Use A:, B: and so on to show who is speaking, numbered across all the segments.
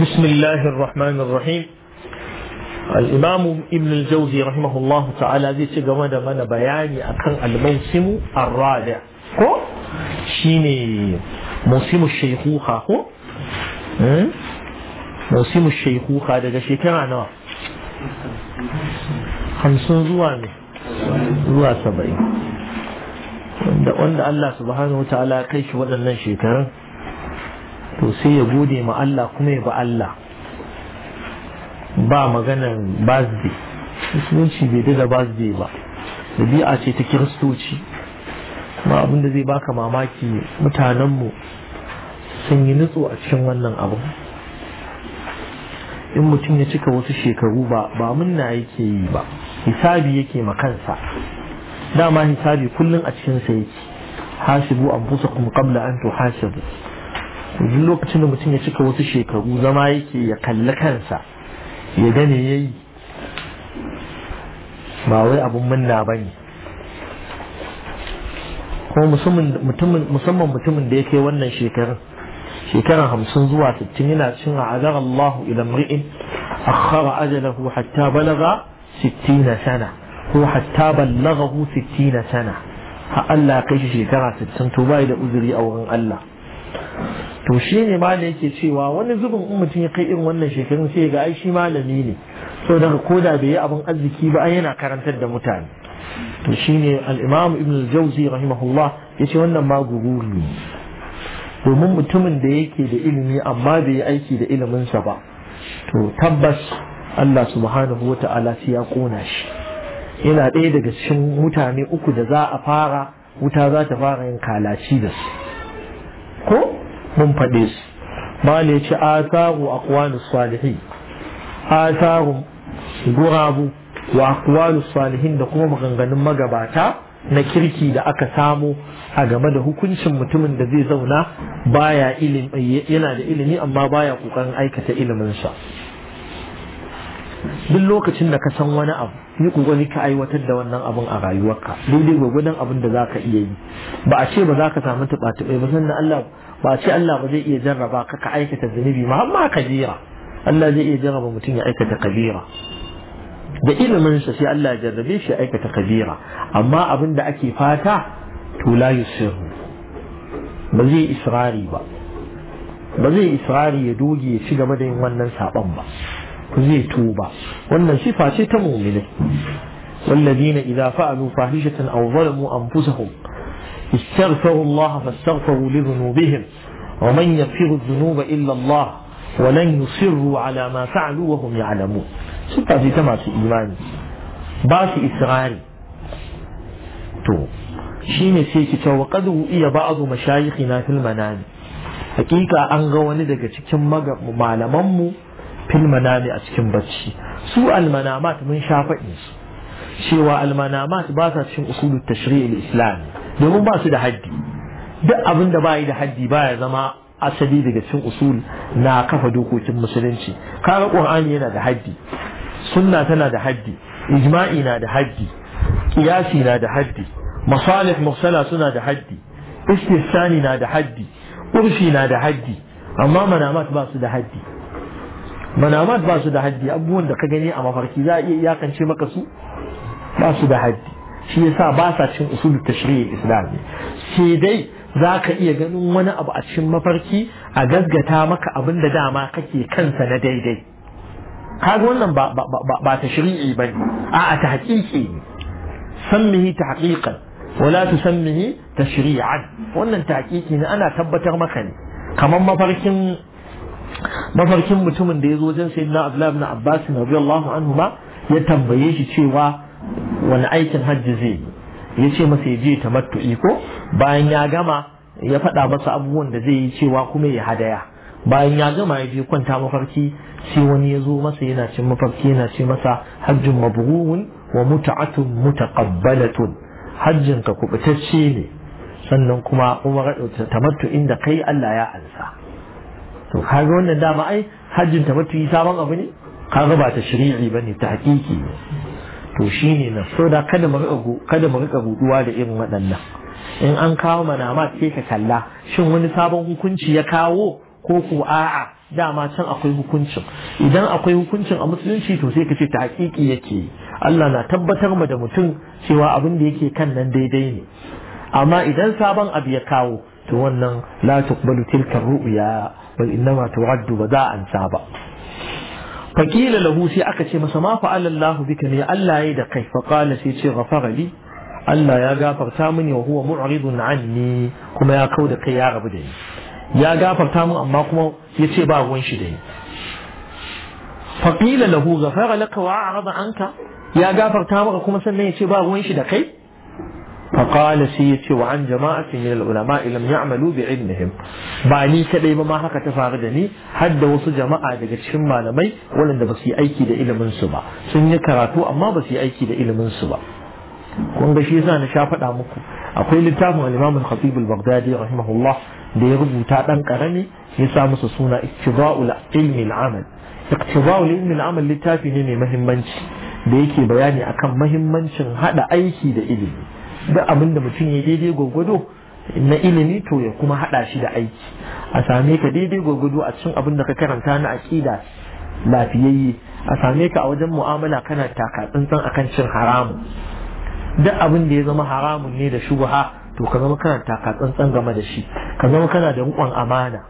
A: بسم الله الرحمن الرحيم الإمام ابن الجوزي رحمه الله تعالى ذي تجمع من بياني أكن الموسم الرابع هو شيني موسم الشيخوخة هو موسم الشيخوخة هذا شيكي نوع خمسون زواني زوا سبعين عند الله سبحانه وتعالى كيش ولا shi to sai ya gode ma Allah kuma ya ba Allah ba maganan birthday musulunci bai dada birthday ba Dabi'a ce ta kiristoci ma abinda zai baka mamaki mutanenmu sun yi nutso a cikin wannan abu in mutum ya cika wasu shekaru ba ba munna yake yi ba hisabi yake ma kansa dama hisabi kullum a cikinsa yake hasibu anfusakum qabla an tuhasibu duk lokacin da mutum ya cika wasu shekaru zama yake ya kalli kansa ya gane ya yi ba wai abun munna ba ne kuma musamman mutumin da ya kai wannan shekarun shekarar hamsin zuwa sittin yana cin a azar Allah ila mri'in akhara ajalahu hatta balaga sittina sana ko hatta ballagahu sittina sana ha Allah kai shi shekara sittin to bai da uzuri a wurin Allah to shi ne ma da yake cewa wani zubin in mutum ya kai irin wannan shekarun sai ga ai malami ne so daga koda bai yi abin arziki ba ai yana karantar da mutane to shi ne al'imam ibn al-jawzi rahimahullah ce wannan ma gururi ne domin mutumin da yake da ilimi amma bai yi aiki da iliminsa ba to tabbas Allah subhanahu wa ta'ala sai ya kona shi yana ɗaya daga cikin mutane uku da za a fara wuta za ta fara yin kalaci da su ko mun faɗe su ba ne ce a aqwalus salihin asaru gurabu wa aqwalus salihin da kuma maganganun magabata na kirki da aka samu a game da hukuncin mutumin da zai zauna baya ilimi yana da ilimi amma baya kokarin aikata iliminsa duk lokacin da ka san wani abu yi kokari ka aiwatar da wannan abun a rayuwarka daidai gwagwadon abin da za ka iya yi ba a ce ba za ka samu tuɓa-tuɓai ba sannan Allah ba a ce Allah ba zai iya jarraba ka ka aikata zunubi ma amma kabira Allah zai iya jarraba mutum ya aikata kabira da ilimin sa sai Allah ya jarrabe shi ya aikata kabira amma abin da ake fata to la ba zai israri ba ba zai israri ya doge ya ci gaba da yin wannan saɓon ba zai tuba wannan sifa ce والذين إذا فعلوا فاحشة أو ظلموا أنفسهم استغفروا الله فاستغفروا لذنوبهم ومن يغفر الذنوب إلا الله ولن يصروا على ما فعلوا وهم يعلمون ستة في تماس إيمان باس إسرائيل تو شين سيكي وقد وقضوا بعض مشايخنا في المنام حقيقة أنغواني دكتك مغا معلممو fil manami a cikin bacci su almanamat mun sha faɗin su cewa almanamat ba sa cikin usulul tashri'il islami domin ba su da haddi duk abin da ba yi da haddi ba ya zama asali daga cikin usul na kafa dokokin musulunci kaga qur'ani yana da haddi sunna tana da haddi ijma'i na da haddi qiyasi na da haddi masalih mursala suna da haddi istihsani na da haddi urfi na da haddi amma manamat ba su da haddi manamat ba su da haddi abubuwan da ka gani a mafarki za a iya iyakance maka su ba su da haddi shi yasa ba sa cin usul tashri'il islami sai dai za ka iya ganin wani abu a cikin mafarki a gaggata maka abin da dama kake kansa na daidai kaga wannan ba ba ba ta shari'i bane a ta haƙiƙi ne sammihi ta haƙiƙan wala tu sammihi ta wannan ta ne ana tabbatar maka ne kamar mafarkin mafarkin mutumin da ya zo wajen sai na abdullahi ibn abbas radiyallahu anhu ma ya tambaye shi cewa wani aikin hajji zai yi ya ce masa ya je tamattu'i ko bayan ya gama ya faɗa masa abubuwan da zai yi cewa kuma ya hadaya bayan ya gama ya je kwanta mafarki sai wani ya zo masa yana cin mafarki yana ce masa hajjin mabrurun wa muta'atun mutaqabbalatun hajjin ka kubutacce ne sannan kuma umar tamattu inda kai Allah ya ansa to kaga wannan dama ai hajjin ta mutu sabon abu ne kaga ba ta shari'i ne ta hakiki to shi ne na so da kada mu rika kada da irin waɗannan in an kawo mana ma sai ka kalla shin wani sabon hukunci ya kawo ko ko a'a dama can akwai hukuncin idan akwai hukuncin a musulunci to sai ka ce ta hakiki yake Allah na tabbatar ma da mutum cewa abin da yake kan nan daidai ne amma idan sabon abu ya kawo to wannan la tuqbalu tilka ru'ya فإنما طيب تعد وداعا سابا فقيل له سي أكتي ما فعل الله بك يا ألا يدقي فقال سي غفر لي ألا يا غافر تامني وهو معرض عني كما يا كود قيار بدني يا غافر تامن أما كما يتي با وانشي دي فقيل له غفر لك وأعرض عنك يا غافر تامن كما سنة يتي با وانشي دقي فقال سيتي وعن جماعة من العلماء لم يعملوا بعلمهم باني كدي ما هكا تفاردني حد وصل جماعة دقى تشمى لمي ولن بسي أيكي دا إلى منصبة سنية كراتو أما بسي أيكي دا إلى منصبة kun ga shi yasa na sha faɗa muku akwai littafin al-Imam al-Khatib al-Baghdadi rahimahullah da ya rubuta ɗan karami ya sa musu suna iktiba'ul ilmi al-amal iktiba'ul ilmi al-amal littafi ne mai muhimmanci da yake bayani akan muhimmancin haɗa aiki da ilimi duk abin da mutum ya daidai gwagwado na ilimi to ya kuma haɗa shi da aiki a same ka daidai gwagwado a cikin abin da ka karanta na aƙida lafiyayye a same ka a wajen mu'amala kana taka tsantsan akan cin haramun duk abin da ya zama haramun ne da shubha to ka zama kana taka tsantsan game da shi ka zama kana da riƙon amana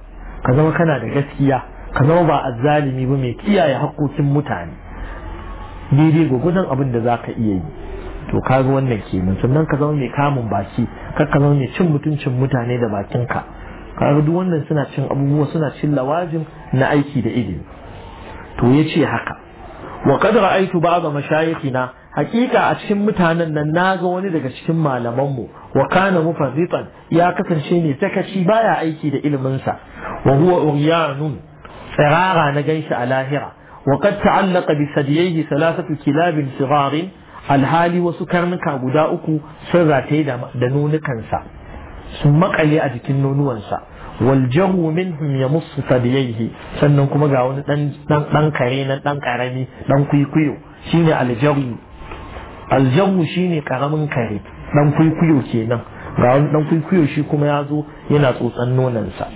A: ka zama kana da gaskiya ka zama ba a azzalimi ba mai kiyaye haƙƙoƙin mutane daidai gwagwadon abin da za ka iya yi to kaga wannan kenan sannan ka zama mai kamun baki kar ka zama mai cin mutuncin mutane da bakinka Ka duk wannan suna cin abubuwa suna cin lawajin na aiki da ilimi to ya ce haka wa qad ra'aytu ba'd mashayikhina hakika a cikin mutanen nan ga wani daga cikin mu wa kana mufarritan ya kasance ne sakaci baya aiki da ilimin sa wa huwa uryanun tsirara na ganshi a lahira wa qad ta'allaqa bi sadiyaihi thalathatu kilabin sigarin alhali wasu karnuka guda uku sun rataye da nunukansa sun makale a jikin nonuwansa waljahu minhum ya musu tabiyaihi sannan kuma ga wani dan kare na dan karami dan kuikuyo shine aljahu aljahu shine karamin kare dan kuikuyo kenan ga wani dan kwikwiyo shi kuma ya zo yana tsotsan nonansa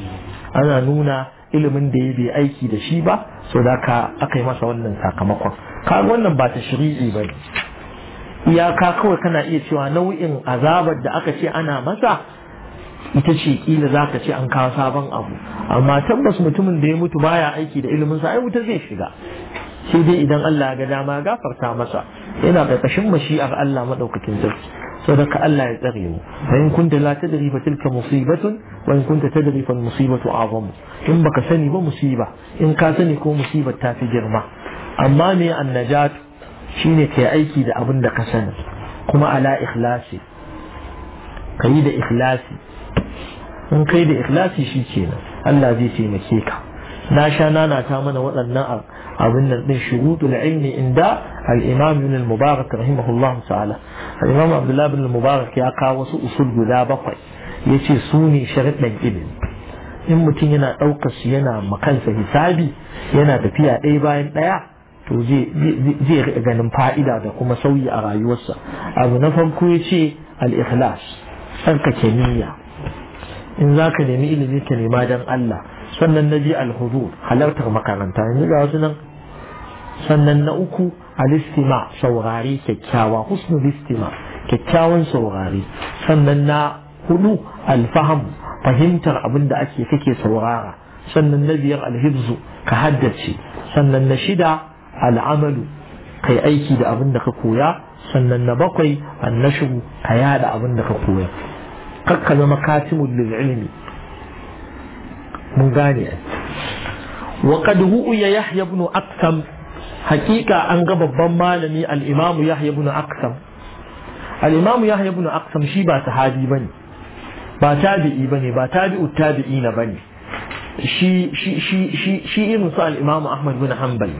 A: ana nuna ilimin da ya bai aiki da shi ba so da aka yi masa wannan sakamakon ka wannan ba ta shiri'i bane iyaka kawai kana iya cewa nau'in azabar da aka ce ana masa ita ce kila za ka ce an kawo sabon abu amma tabbas mutumin da ya mutu baya aiki da ilimin sa ai wuta zai shiga sai dai idan Allah ya ga dama gafarta masa yana ƙarƙashin mashi'ar Allah maɗaukakin sarki saboda ka Allah ya tsare mu fa in kunta la tadri fa tilka musibatun wa in kunta tadri fa musibatu azam in baka sani ba musiba in ka sani ko musibar ta fi girma amma me annajatu shine kai aiki da abin da ka sani kuma ala ikhlasi da ikhlasi in kai da ikhlasi shi kenan Allah zai taimake ka na sha nana ta mana waɗannan abin nan din shurutul ilmi inda alimam imam ibn al-mubarak rahimahullahu ta'ala al abdullah ibn al-mubarak ya kawo wasu usul guda bakwai yace su ne sharuɗan ilimi in mutum yana ɗaukar su yana makansa hisabi yana tafiya ɗaya bayan ɗaya to zai ganin fa'ida da kuma sauyi a rayuwarsa abu na farko ya ce al-ikhlas ke niyya in za ka nemi ilimi ka nema don Allah sannan na ji al-hudur halartar makaranta yanzu ga wasu nan sannan na uku al-istima saurare kyakkyawa husnul istima kyakkyawan saurari sannan na hudu al-faham fahimtar abin da ake kake saurara sannan na biyar al-hibzu ka haddace sannan na shida al'amalu kai aiki da abin da ka koya sannan na bakwai annashu ka yada abin da ka koya kakka zama katimul lil ilmi mun gane wa qad ru'ya yahya ibn aqsam hakika an ga babban malami al-imamu yahya ibn aqsam al-imamu yahya ibn aqsam shi ba sahabi bane ba tabi'i bane ba tabi'u tabi'ina bane shi shi shi shi irin su al-imamu ahmad bin hanbal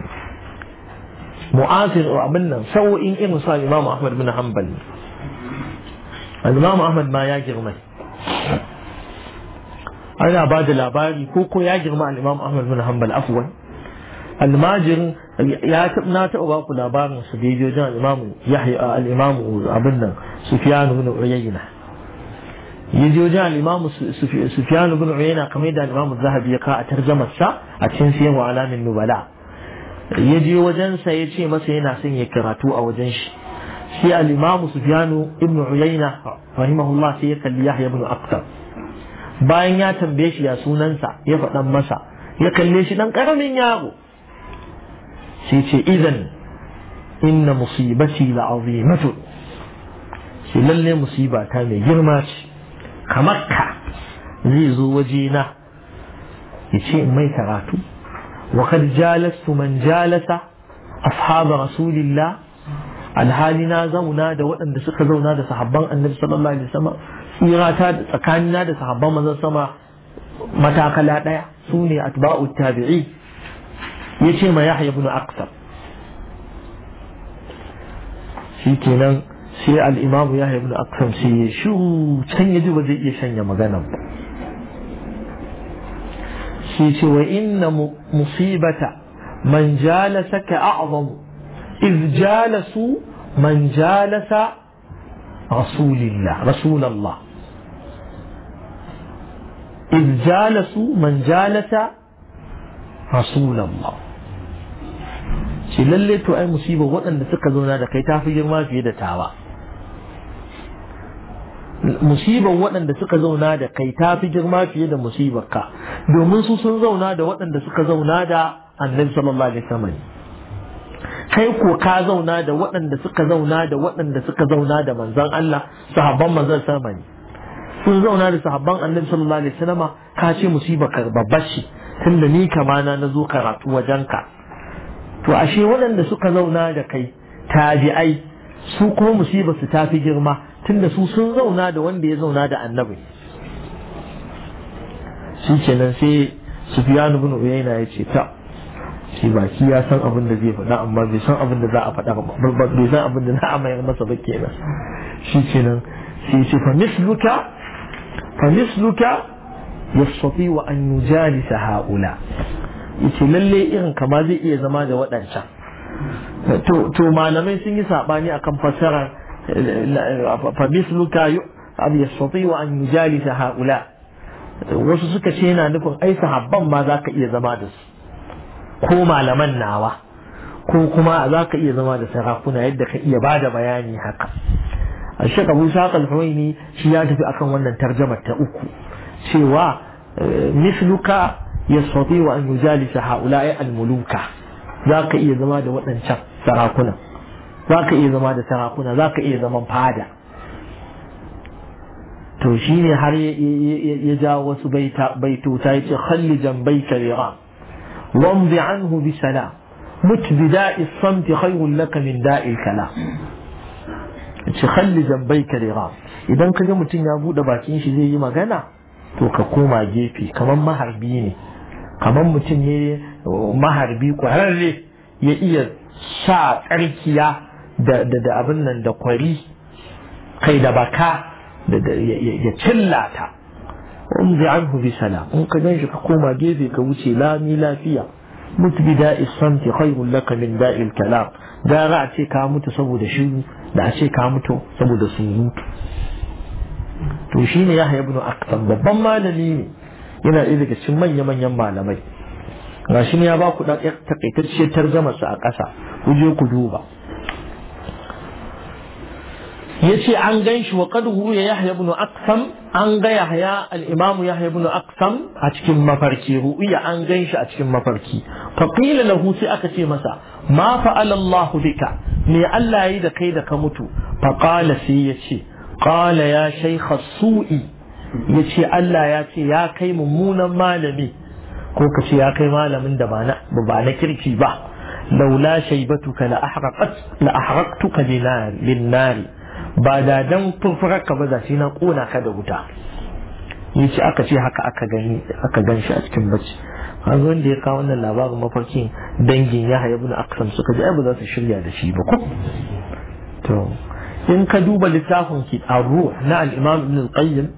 A: معاذ عملنا سو إن إن صار إمام أحمد بن حنبل الإمام أحمد ما ياجر ما أنا بعد الأبادي كوكو ياجر مع الإمام أحمد بن حنبل أفوا الماجر يا تبنا تأوى كل أبار سبيجو جان الإمام يحيى الإمام عبدنا سفيان بن عيينة يجو جان الإمام سفيان بن عيينة قميدا الإمام الذهبي يقع ترجمة الشاء أتنسيه وعلام النبلاء ya je wajensa ya ce masa yana son ya karatu a wajen shi sai al-imamu sufyanu ibn uyayna rahimahullah sai ya kalli yahya ibn aqtab bayan ya tambaye shi ya sunansa ya faɗan masa ya kalle shi dan karamin yaro sai ce idan inna musibati la'azimatu sai lalle musiba ta mai girma ce kamar ka zai zo wajena ya ce mai karatu وقد جالست من جالس أصحاب رسول الله على حالي نازا ونادى وأنت سكزا ونادى صحابا النبي صلى الله عليه وسلم إيغاتا كان نادى صحابا من السماء متى قلاتا سوني أتباع التابعين يشي ما يحيى بن أقسم شيكي نان سي الإمام يحيى بن أقسم سي شو تنجدو وزي يشن يمغنم سيتي وإن مصيبة من جالسك أعظم إذ جالسوا من جالس رسول الله رسول الله إذ جالسوا من جالس رسول الله shi lalle to ai musiba waɗanda suka zauna da kai ta fi girma fiye da tawa musibar waɗanda suka zauna da kai ta fi girma fiye da musibar ka domin su sun zauna da waɗanda suka zauna da annabi sallallahu alaihi wasallam kai ko ka zauna da waɗanda suka zauna da waɗanda suka zauna da manzon Allah sahabban manzon sama ne sun zauna da sahabban annabi sallallahu alaihi wasallam ka ce musibar ka babbar shi tunda ni kama na nazo karatu wajen ka. to ashe waɗanda suka zauna da kai tabi'ai su kuma musibar su ta fi girma Tun da su sun zauna da wanda ya zauna da annabi shi kenan sai sufiyanu bin uyayna ya ce ta shi baki ya san abin da zai faɗa amma bai san abin da za a faɗa ba bai san abin da za a mayar masa ba kenan shi kenan sai ce fa misluka fa misluka yastati wa an yujalisa haula yace lalle irin kama zai iya zama da waɗancan to malamai sun yi saɓani akan fassarar فمثلك أن يستطيع أن يجالس هؤلاء وسوسك شينا نكون أي صحابا ما ذاك إيه زمادس كوما لمن ناوا كوما ذاك إيه زمادس سيغاقنا يدك إيه بعد بياني حقا الشيخ أبو ساق الحويني شيادة في أكون وانا ترجمة تأوكو شوا مثلك يستطيع أن يجالس هؤلاء الملوك ذاك إيه زمادس وانا نشاق سيغاقنا za ka iya zama da sarakuna za ka iya zaman fada to shi ne har ya ja wasu baitota ya ce khallijan baita liram wamdi anhu bi salam mut bi da'i samti khayrun laka min da'i kala ce khallijan baita liram idan ka ga mutum ya bude bakin shi zai yi magana to ka koma gefe kamar maharbi ne kamar mutum ne maharbi kwararre ya iya sa tsarkiya da da abin nan da kwari kai da baka ya cillata umzi anhu bi salam in ka ganshi ka koma gefe ka wuce lami lafiya mutu bi da'i samti khairul laka min da'il kalam gara a ce ka mutu saboda shiru da a ce ka mutu saboda surutu to shine yahya ibn aqtab babban malami ne yana ɗaya daga cikin manya-manyan malamai gashi ne ya ba ku ɗan takaitacciyar tarjamarsa a ƙasa ku je ku duba يتي أنجيش وقد هو يحيى بن أقسم أنجى يحيى الإمام يحيى بن أقسم أتكم ما فركي هو يا أنجيش أتكم ما فركي فقيل له سأكتي مسا ما فعل الله بك ني ألا إذا كيد كمتو فقال سيتي قال يا شيخ السوء يتي ألا يتي يا كي ممون مالمي كوكتي يا كي مالمن دبانا ببانا كريتي با لولا شيبتك لأحرقت لأحرقتك للنار, للنار ba da dan furfurar ka ba za shi na kona ka da wuta ni ce aka ce haka aka gani aka gan shi a cikin bacci har wanda ya kawo wannan labarin mafarkin dangin ya haya bin aksam suka ji ai ba za su shirya da shi ba ko to in ka duba littafin ki ruh na al-imam ibn al-qayyim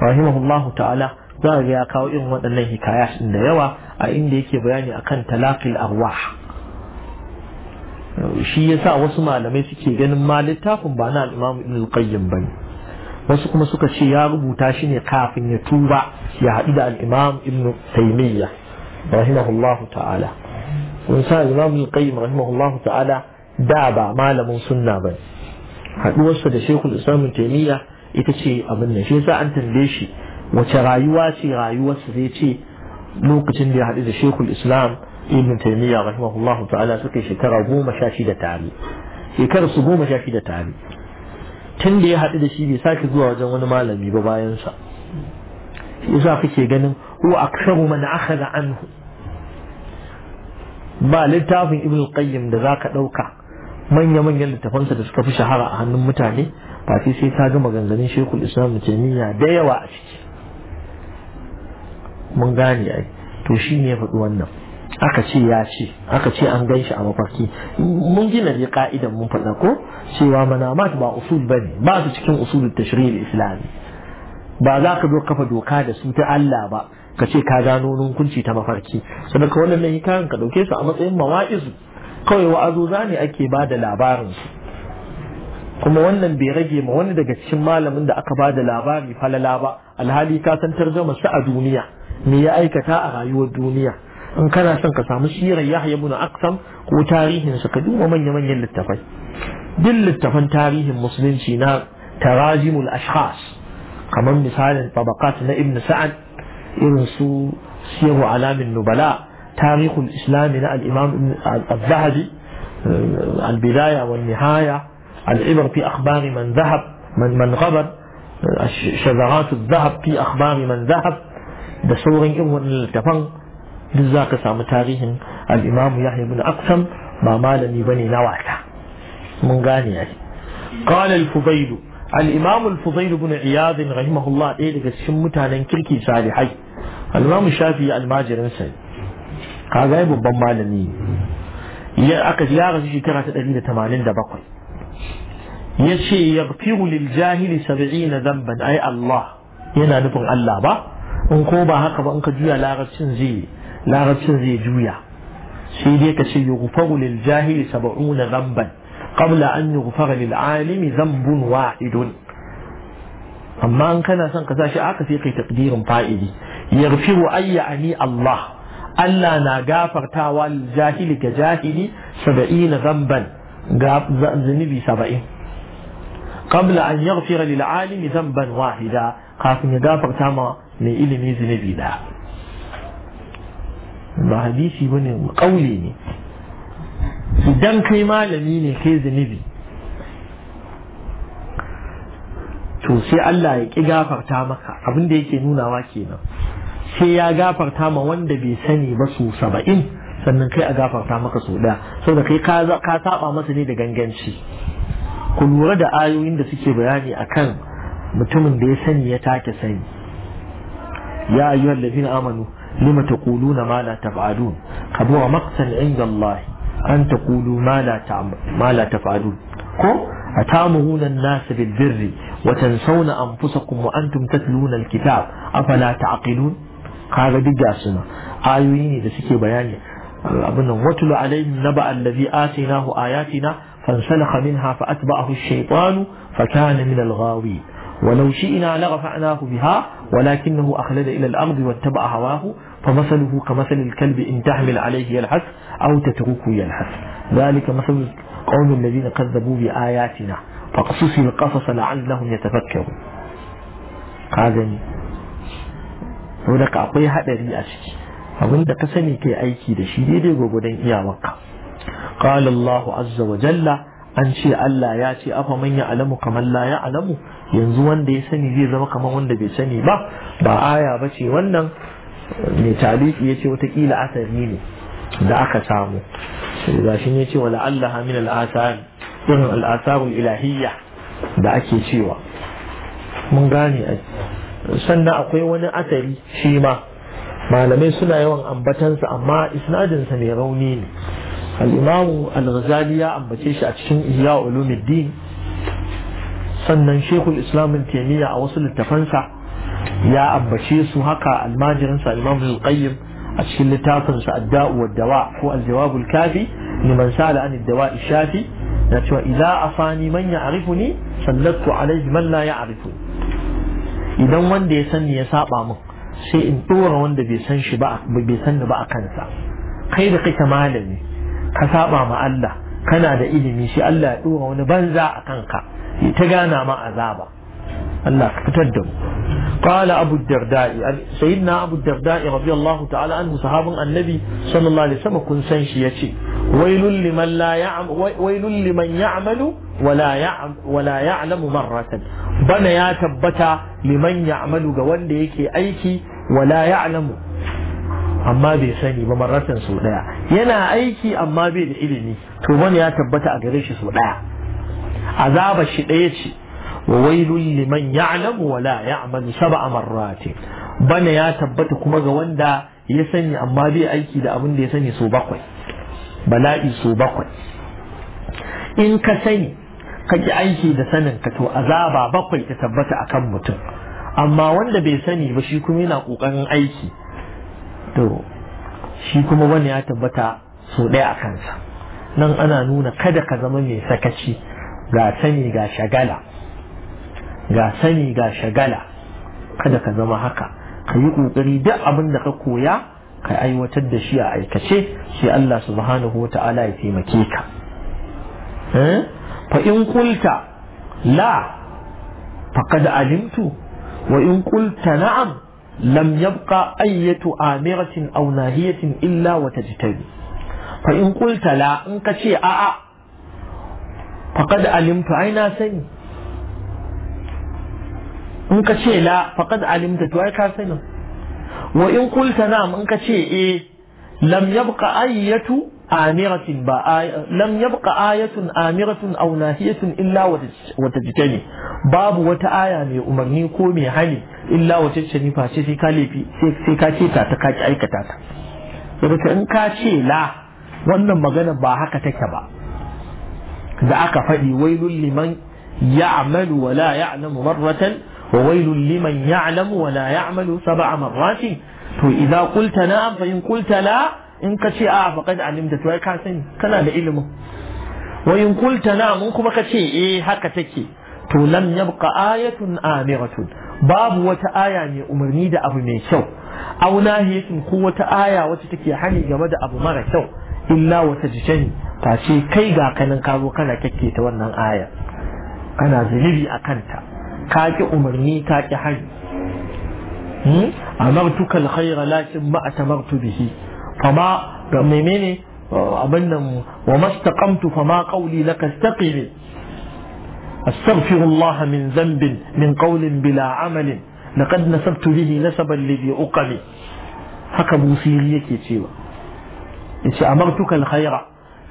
A: rahimahullahu ta'ala za ga ya kawo irin waɗannan hikaya da yawa a inda yake bayani akan talaqil arwah shi yasa wasu malamai suke ganin ma littafin ba na al Ibn bane wasu kuma suka ce ya rubuta shi ne kafin ya tuba ya haɗu da al'imam imam Ibn Taymiyyah rahimahullahu ta'ala kun sa Ibn qayyim rahimahullahu ta'ala da ba malamin sunna bane haɗuwarsa da shekul Islam Ibn ita ce abin nan shi sa an tambaye shi wace rayuwa ce rayuwarsa zai ce lokacin da ya haɗu da shekul Islam ibn taymiya rahimahullahu ta'ala suka shekara goma sha shida tare shekara su goma sha shida tare tun da ya haɗu da shi bai sake zuwa wajen wani malami ba bayan sa shi yasa kake ganin huwa aktsaru man akhadha anhu ba littafin ibn qayyim da zaka dauka manya manyan sa da suka fi shahara a hannun mutane ba sai sai ka ga maganganun shekul islam taymiya da yawa a ciki mun gane ai to ne ya faɗi wannan aka ce ya ce aka ce an gan shi a mafarki mun gina bi ka'idan mun faɗa ko cewa manamat ba usul ba ne ba su cikin usulun tashri'il islami ba za ka zo kafa doka da su ta Allah ba ka ce ka gano hukunci ta mafarki saboda ka wannan hikayen ka dauke su a matsayin mawa'izu kawai za ne ake ba da labarin su kuma wannan bai rage ma wani daga cikin malamin da aka ba da labari falala ba alhali ka san tarjama su a duniya me ya aikata a rayuwar duniya in kana son ka samu sirar yahya ibn aksam ko tarihin su ka duba manya manyan littafai duk littafan tarihin musulunci na tarajimul ashkhas kamar misalin tabaqat na ibn sa'ad irin su siru alamin nubala tarihul islami na al-imam al-zahabi al-bidaya wal nihaya al-ibr fi akhbari man dhahab man man ghabar shadarat adh-dhahab fi akhbari man dhahab da sauran irin wannan littafan duk za ka samu tarihin al'imamu yahya bin aqsam ba malami bane na wasa mun gane ya qala al-fudayl al-imam al-fudayl ibn iyad rahimahullah ɗaya daga cikin mutanen kirki salihai al-imam shafi al-majirin sai kaga babban malami ya aka ya rasu shekara ta 187 yace yaghfiru lil jahili 70 dhanban ay Allah yana nufin Allah ba in ko ba haka ba in ka juya larabcin zai لا رجل زي جويا سيدي كسي يغفر للجاهل سبعون ذنبا قبل أن يغفر للعالم ذنب واحد أما أن كان سن قساشي تقدير فائدي يغفر أي أني الله ألا نغفر تاوال الجاهل كجاهل سبعين ذنبا غاب سبعين قبل أن يغفر للعالم ذنبا واحدا قاسم يغفر تاوال من إلمي ذنبي ذنبا ba hadisi ba ne ne idan kai malami ne kai zunubi to sai Allah ya ƙi gafarta maka abin da yake nunawa kenan sai ya gafarta ma wanda bai sani ba su saba'in sannan kai a gafarta maka sau ɗaya saboda kai ka saba masa ne da ganganci ku lura da ayoyin da suke bayani akan mutumin da ya sani ya take sani ya ayyuhal ladina amanu لم تقولون ما لا تفعلون أبو مقتا عند الله أن تقولوا ما لا ما لا تفعلون أتأمرون الناس بالبر وتنسون أنفسكم وأنتم تتلون الكتاب أفلا تعقلون قال دجاسنا آيويني إذا سكي بياني أبنا واتل عليهم نبأ الذي آتيناه آياتنا فانسلخ منها فأتبعه الشيطان فكان من الغاوين ولو شئنا لرفعناه بها ولكنه أخلد إلى الأرض واتبع هواه فمثله كمثل الكلب إن تحمل عليه يلحس أو تتركه يلحس ذلك مثل قوم الذين كذبوا بآياتنا فقصص القصص لعلهم يتفكرون هذا ولك أقوي هذا ريأسك أقول لك سني كي أيكي دشي وقدن إيا وقع قال الله عز وجل أنشي ألا ياتي أفمن يعلم كمن لا يعلم yanzu wanda ya sani zai zama kamar wanda bai sani ba ba aya ba ce wannan mai taliki ya ce watakila asari ne da aka samu ga shi ne ce wa la'allaha min al'asar irin al'asarul ilahiyya da ake cewa mun gane sannan akwai wani asari shi ma malamai suna yawan ambatansa amma isnadinsa mai rauni ne al-imamu al-ghazali ya ambace shi a cikin ihya ulumuddin sannan shekul islamin taimiyya a wasu littafansa ya ambace su haka almajirinsa imam qayyim a cikin littafinsa adda'u wa dawa ko Aljawabul jawabul kafi liman sa'ala an dawa shafi na cewa idza afani man ya'rifuni sallatu alayhi man la ya'rifuni idan wanda ya sani ya saba min sai in ɗora wanda bai san shi ba bai san ba a kansa kai da kake malami ka saba ma Allah kana da ilimi shi Allah ya dora wani banza a kanka ta gana ma azaba Allah ka fitar da mu قال أبو الدرداء سيدنا أبو الدرداء رضي الله تعالى عنه صحاب النبي صلى الله عليه وسلم كن سنشيتي ويل لمن لا يعمل ويل لمن يعمل ولا يعمل ولا يعلم مرة بنا يا تبتا لمن يعمل جوان ديكي أيكي ولا يعلم amma bai sani ba marratan sau daya yana aiki amma bai da ilimi to wani ya tabbata a gare shi sau daya azaba shi ɗaya ce wa wailul liman ya'lamu wa la ya'malu sab'a marratin bana ya tabbata kuma ga wanda ya sani amma bai aiki da abin da ya sani so bakwai bala'i so bakwai in ka sani ka ki aiki da sanin ka to azaba bakwai ta tabbata akan mutum amma wanda bai sani ba shi kuma yana kokarin aiki to shi kuma wani ya tabbata so ɗaya a kansa nan ana nuna kada ka zama mai sakaci ga sani ga shagala ga sani ga shagala kada ka zama haka ka yi ƙoƙari duk abin da ka koya ka aiwatar da shi a aikace sai Allah subhanahu wa ta'ala ya taimake ka eh? fa in kulta la faqad alimtu wa in kulta na'am lam yabqa ayyatu amiratin aw nahiyatin illa wa tajtabi fa in kulta la in ka ce a'a faqad alimtu ai na sani in ka ce la faqad alimta to ai ka sani wa in kulta na in ka ce eh lam yabqa ayyatu amiratin ba lam yabqa ayatun amiratun aw nahiyatun illa wata jitani babu wata aya mai umarni ko mai hali illa wata jitani ce sai ka lefi sai ka ce ta ka ki aikata ta saboda in ka ce la wannan magana ba haka take ba da aka faɗi wailul liman ya'malu wa la ya'lamu marratan wa wailul liman ya'lamu wa la ya'malu sab'a marratin to idza qulta na'am fa in qulta la in ka ce a faqad alimta to ai ka sani kana da ilimin wa in qulta na'am kuma ka ce eh haka take to lam yabqa ayatun amiratun babu wata aya mai umarni da abu mai kyau aw nahiyatun ko wata aya wacce take hani game da abu mara kyau illa wata jishani face kai ga kanin ka zo kana kyakke ta wannan aya kana zunubi a kanta ka ki umarni ka ki hari amartuka alkhaira lakin ma atamartu bihi fa ma ga menene abin nan wa mastaqamtu fa ma qawli laka istaqimi astaghfirullah min من min من bila amalin لقد نسبت به نسبا الذي أقل هكا بوسيري يكي تشيوا يتي أمرتك الخيرة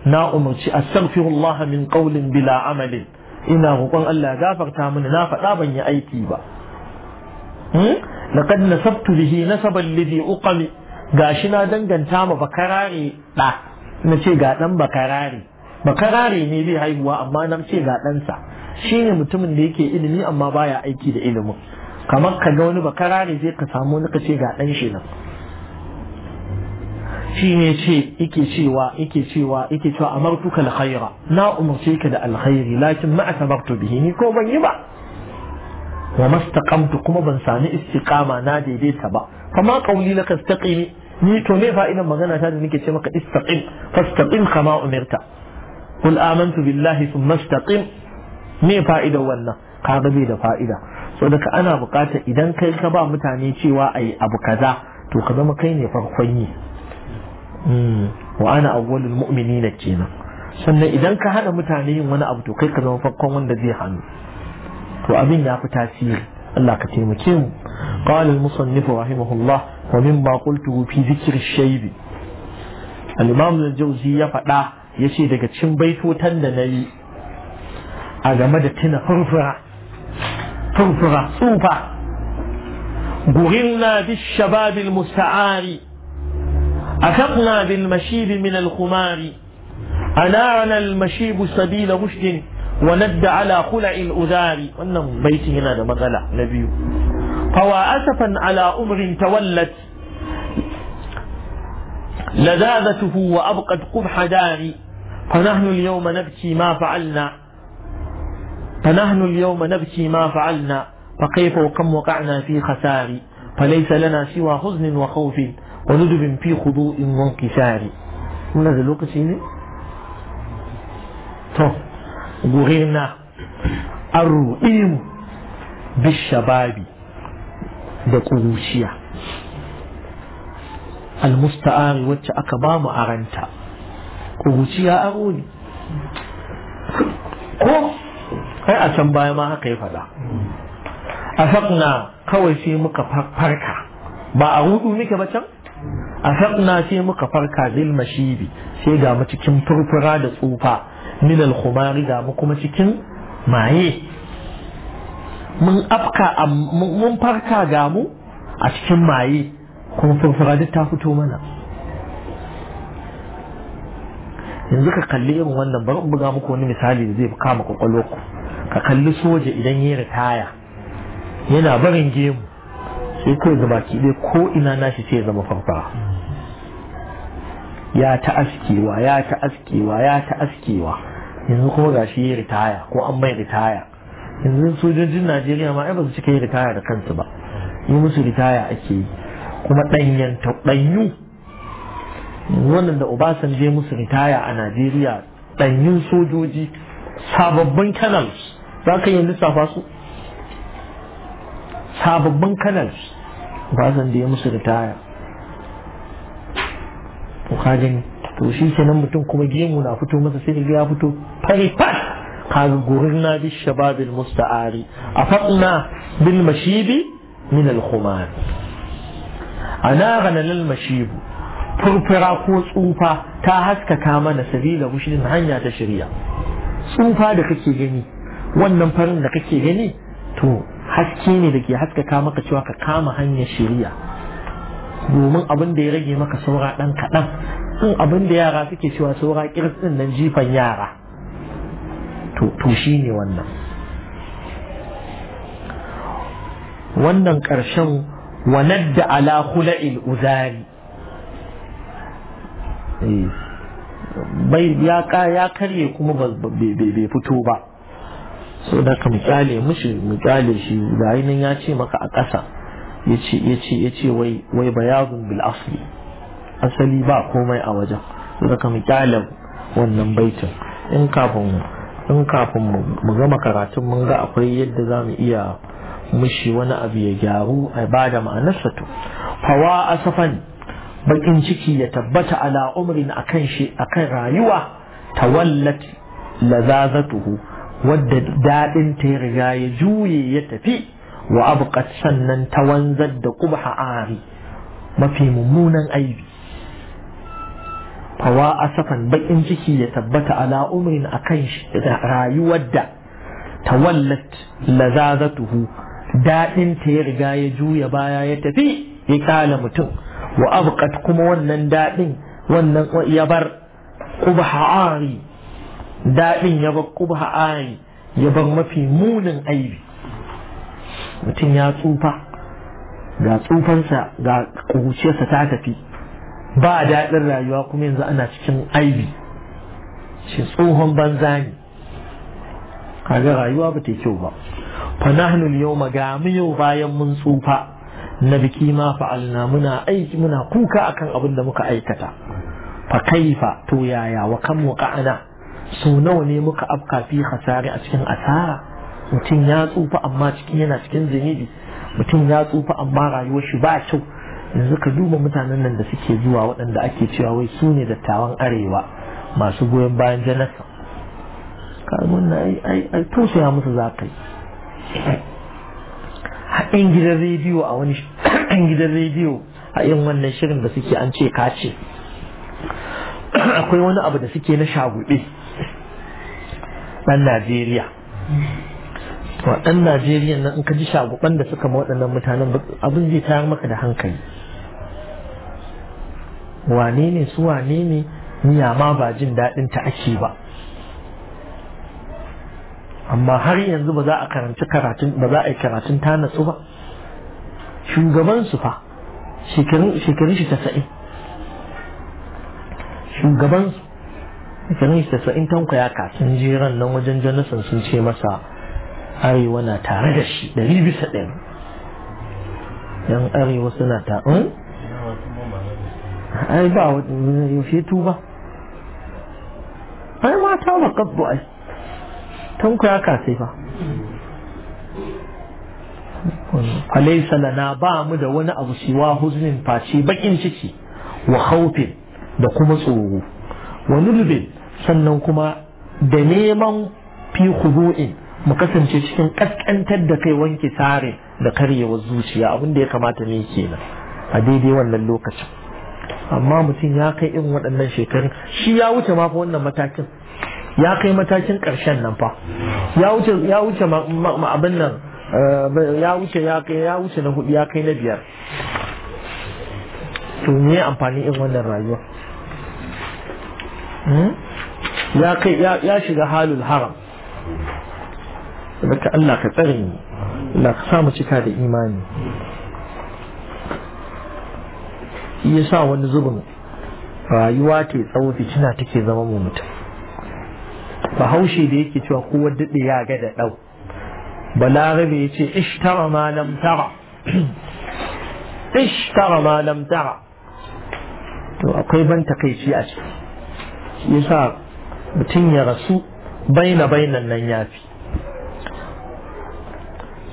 A: na umarci astaghfirullah min qawlin bila amalin ina roƙon Allah gafarta mini na faɗa ban yi aiki ba hmm? laqad nasabtu bihi nasaban lidhi uqami gashi na danganta ma bakarare da na ce ga dan bakarare bakarare ne zai haihuwa amma na ce ga ɗansa shine mutumin da yake ilimi amma baya aiki da ilimin kamar ka ga wani bakarare zai ka samu wani ka ce ga ɗan shi nan shi ne ce ike cewa ike cewa ike cewa amartuka alkhaira na umarce ka da alkhairi lakin ma asabartu bihi ni ko ban yi ba wa mastaqamtu kuma ban sami istiqama na daidaita ba kama qawli laka istaqimi ni to me fa'idan magana ta da nake ce maka istaqim fastaqim kama umirta qul amantu billahi thumma istaqim me fa'idan wannan kaga bai da fa'ida so daga ana buƙatar idan kai ka ba mutane cewa ayi abu kaza to ka zama kai ne farkon yi wa ana awwalul mu'minina kenan sannan idan ka hana mutane yin wani abu to kai ka zama farkon wanda zai hannu to abin ya fi tasiri Allah ka taimake mu qala al-musannif rahimahullah wa mimma qultuhu fi dhikr ash-shayb al-imam al-jawzi ya faɗa yace daga cikin baitotan da nayi a game da tuna furfura furfura tsufa gurinna bi shababil musta'ari أخذنا بالمشيب من الخمار أناعنا المشيب سبيل رشد وند على خلع الأذار وأنهم بيت هنا مغلع نبي فوا أسفا على أمر تولت لذاذته وأبقت قبح داري فنحن اليوم نبكي ما فعلنا فنحن اليوم نبكي ما فعلنا فكيف وكم وقعنا في خساري فليس لنا سوى حزن وخوف wani dubin fi hudu in wanki shari muna da lokaci ne? to gure na arru'imu bishababi da kuruciya almusta'ari wacce aka bamu a'ranta? a ranta kuruciya ne ko kai a can baya ma haka ya faɗa. a sakna kawai sai muka farka ba a hudu muke ba can? afaqna sai muka farka bil mashibi sai ga mu cikin furfura da tsufa min al khumari ga mu kuma cikin maye mun afka mun farka ga mu a cikin maye kuma furfura duk ta fito mana yanzu ka kalli irin wannan bari buga muku wani misali da zai kama kwakwalwarku ka kalli soja idan ya ritaya yana barin gemu sai kawai gabaki ɗaya ko ina nashi sai ya zama farfara ya ta askewa ya ta askewa ya ta askewa yanzu kuma shi ya ritaya ko an mai ritaya yanzu sojojin najeriya ma ai ba su cika yi ritaya da kansu ba yi musu ritaya ake yi kuma ɗanyen ɗanyu wannan da je musu ritaya a najeriya ɗanyun sojoji sababbin canals za ka yi lissafa su sababbin canals obasan je musu ritaya ka to shi kenan mutum kuma gemu na fito masa sai ya fito fari fat kaga gurna bi shababil musta'ari afatna bil mashibi min al khumar ana gana lil mashibu furfura ko tsufa ta haskaka mana sabila mushrin hanya ta shirya tsufa da kake gani wannan farin da kake gani to haske ne da ke haskaka maka cewa ka kama hanyar shirya domin abin da ya rage maka saura ɗan kaɗan in abin da yara suke cewa saura kirtsin nan jifan yara to shi ne wannan wannan ƙarshen wanar da alakula hula'il uzari eh, ya karye kuma bai fito ba so da ka mu kyale shi da ya ce maka a ƙasa yace yace yace wai wai bayazun bil asli asali ba komai a wajen saka mu kyale wannan baitin in kafin in kafin mu gama karatun mun ga akwai yadda zamu iya mushi wani abu ya gyaru a ba da ma'anar sa to fawa asafan bakin ciki ya tabbata ala umrin akan shi akan rayuwa tawallat lazazatuhu wadda dadin ta riga ya juye ya tafi wa sannan ta wanzar da qubha ari mafi mummunan aibi fawa asafan bakin ciki ya tabbata ala umrin akan rayuwar da tawallat lazazatuhu daɗin ta ya riga ya juya baya ya tafi ya kala mutum wa kuma wannan daɗin wannan ya bar ya bar ya bar mafi munin aibi mutum ya tsufa ga tsufansa ga kuciyarsa ta tafi ba daɗin rayuwa kuma yanzu ana cikin aibi shi tsohon banza ne kaga rayuwa ba ta kyau ba fa nahnu yawma ga mu yau bayan mun tsufa na biki ma fa'alna muna aiki muna kuka akan abin da muka aikata fa kaifa to yaya wa kam waqa'ana so nawa ne muka afka fi khasari a cikin asara mutum ya tsufa amma cikin yana cikin zunubi mutum ya tsufa amma rayuwar shi ba kyau yanzu ka duba mutanen nan da suke zuwa waɗanda ake cewa wai su ne dattawan arewa masu goyon bayan janasa kalmun na ai tausaya musu za ka yi haɗin gidan rediyo a wani haɗin gidan rediyo a yin wannan shirin da suke an ce ka ce akwai wani abu da suke na shagube ɗan najeriya to ɗan Najeriya nan in ka ji shaguban da suka waɗannan mutanen abin zai tayar maka da hankali wane ne su wane ne niya ma ba jin daɗin ta ake ba amma har yanzu ba za a karanci karatun ba za a yi karatun ta natsu ba shugaban su fa shekarun shi tasa'in shugaban shekarun shi tasa'in tanko ya kasan jiran nan wajen jonathan sun ce masa arewa na tare da shi ɗari bisa ɗari yan arewa suna ta hmm? ai ba yaushe tuba ai mata ba kabbo ai tanku ya kasai fa falaisa lana ba mu da wani abu siwa huzunin face bakin ciki wa haufin da kuma tsoro wa nulbin sannan kuma da neman fi huzoin. mu kasance cikin kaskantar da kai wanke sare da karyewar zuciya abin da ya kamata ne kenan a daidai wannan lokacin amma mutum ya kai irin waɗannan shekarun shi ya wuce ma fa wannan matakin ya kai matakin ƙarshen nan fa ya wuce ya wuce abin nan eh, ya wuce ya kai ya wuce na hudu ya kai na biyar to me amfani irin wannan rayuwa hmm? ya kai ya shiga halul haram saboda Allah ka tsare mu Allah ka sa cika da imani shi yasa wani zubin rayuwa ke tsawo fitina take zama mu mutum bahaushe da yake cewa kowa daɗe ya ga da ɗau balarabe ya ce ishtara ma lam tara ishtara ma lam tara to akwai ban takaici a ciki yasa mutum ya rasu baina bainan nan fi.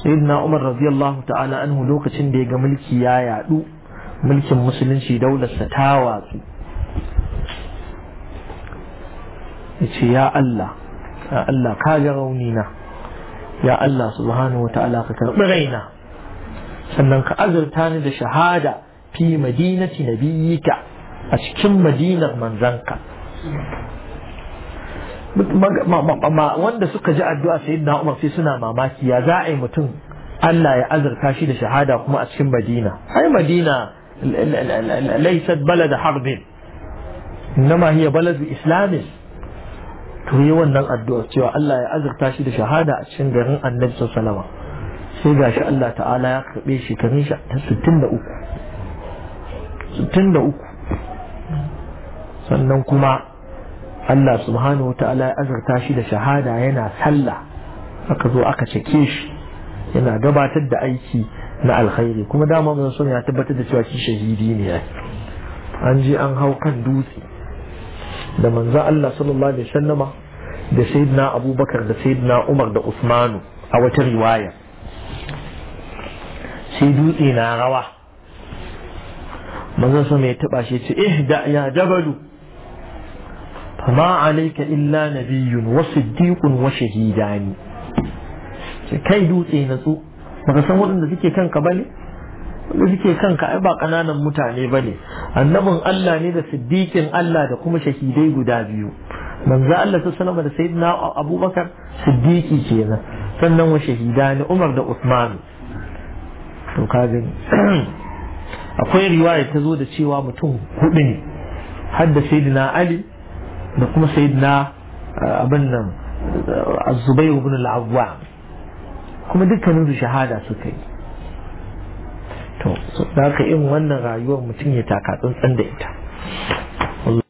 A: sayyidina umar radiyallahu ta'ala anhu lokacin da ya ga mulki ya yadu mulkin musulunci daularsa ta watsu ya ce ya Allah ya Allah ka ga raunina ya Allah subhanahu wa ta'ala ka karɓi raina sannan ka azurta ni da shahada fi madinati nabiyyika a cikin madinar manzanka wanda suka ji addu'a na Umar sai suna mamaki ya za a yi mutum Allah ya azurta shi da shahada kuma a cikin Madina ai Madina laysat balad harbin inma hiya balad islamin to yi wannan addu'a cewa Allah ya azurta shi da shahada a cikin garin Annabi sallallahu alaihi sai gashi Allah ta'ala ya karbe shi kamin shi 63 63 sannan kuma Allah subhanahu ta'ala ya azurta shi da shahada yana sallah aka zo aka cike shi yana gabatar da aiki na alkhairi kuma dama mun so ya tabbatar da cewa shi shahidi ne an je an hau kan dutse da manzon Allah sallallahu alaihi wasallama da sayyidina Abubakar da sayyidina Umar da Usmanu a wata riwaya sai dutse na rawa manzon so ya taba shi ce eh da ya jabalu fama alaika illa nabiyyun wa siddiqun wa shahidani kai dutse na tsu baka san waɗanda suke kanka bane wanda suke kanka ai ba ƙananan mutane bane annabin Allah ne da Siddikin Allah da kuma shahidai guda biyu manzo Allah ta sallama da sayyidina Abubakar siddiqi kenan sannan wa shahidani Umar da Uthman to kaga akwai riwaya ta zo da cewa mutum hudu ne Hadda saidina sayyidina Ali da kuma sayyidina eh, abin nan eh, azubai wa al la'abuwa kuma dukkanin su shahada suka yi to da ka irin wannan rayuwar mutum ya taka tsantsan da ita